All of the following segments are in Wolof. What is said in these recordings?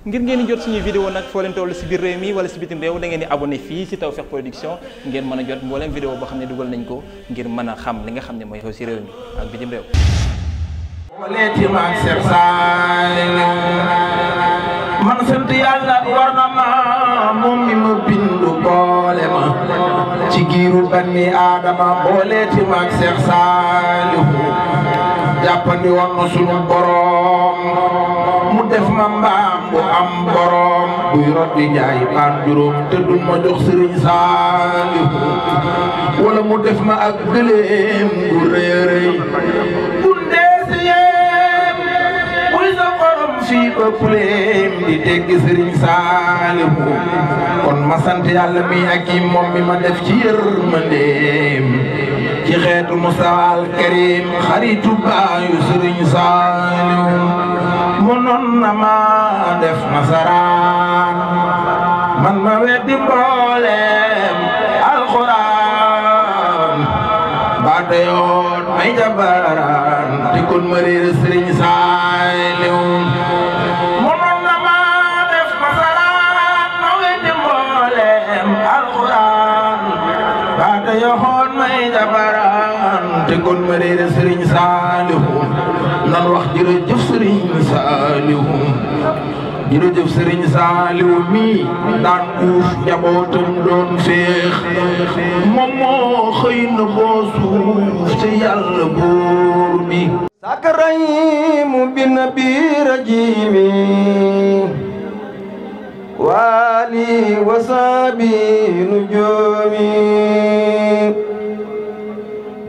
ngir ngeen jot suñu vidéo nag foo leen toll si biir réew mi wala si bitim réew da ngeen di abonné fii si Tawfekh Production ngeen mën a jot mbooleem vidéo boo xam ne dugal nañ ko ngir mën a xam li nga xam ne mooy xew si réew mi ak bitim réew leeti maag Seex Saaliw man sant yàlla war na ma moom mi ma bindu boole ma ci giiru ban mi aadama boo leeti Seex Saaliw jàppandi woon ma boroom mu def ma mbaam bu am boroom buy rot jaay paan juróom te du ma jox sëriñ wala mu def ma ak gëléem bu rëy rëy musiba ku leen di dégg sëriñ Saalihu kon ma sant yàlla mi ak i moom mi ma def ci yërmandeem ci xeetu Musaa al Karim xaritu baayu sëriñ Saalihu mënoon na ma def nasaraan man ma weddi mbooleem alxuraan ba dayoon may jabaraan te kon ma réer sëriñ Saalihu baata yoxoon may jabaraan te kon ma réere sëriñ saalihu nan wax jërëjëf sëriñ saalihu jërëjëf sëriñ saalihu mii daan uuf njabootam doon féex moom moo xëy na boo suuf te yàlla buur bi sakarayim bi rajimi waali wasaabi nu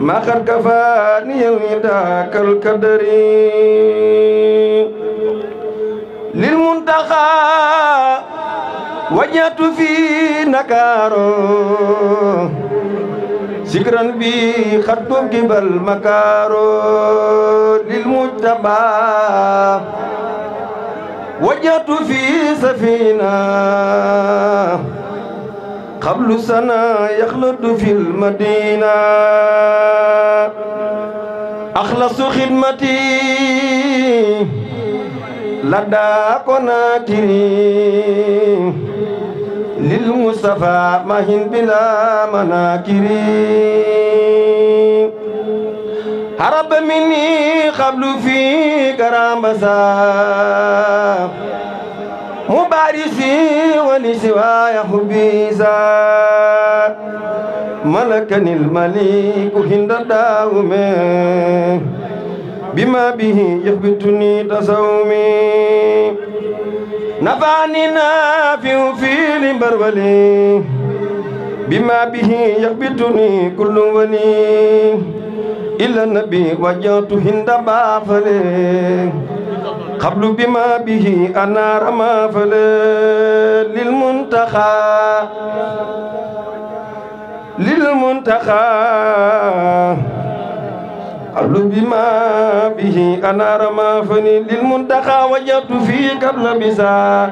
ما قد كفاني الهدى كالقدر للمنتخى وجهت في نكارو ذكرا بي خط جبل مكارو للمجتبى وجهت في سفينه قبل سنة يخلد في المدينة أخلص خدمتي لدى قناتري للمصطفى مهن بلا مناكري هرب مني قبل في كرامبسا مبارسي ولسواي حبيسا ملكني المليك هند داوم بما به يخبتني تصومي نفعني نافع في لمبرولي بما به يخبتني كل ولي إلا النبي وجهت هند بافلي قبل بما به أنار ما فلا للمنتخى للمنتخى قبل بما به أنار ما فني للمنتخى وجدت في قبل بسا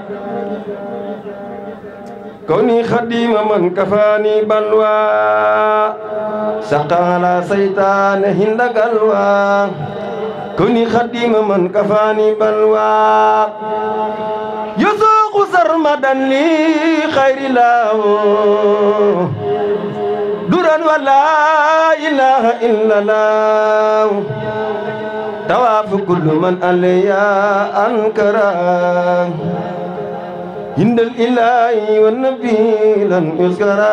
كوني خديم من كفاني بلوى سقى على سيطان هند قلوى كوني خديم من كفاني بلوى يسوق سرمدا لي خير الله درا ولا إله إلا الله تواف كل من عليا أنكرا عند الإله والنبي لن يذكرا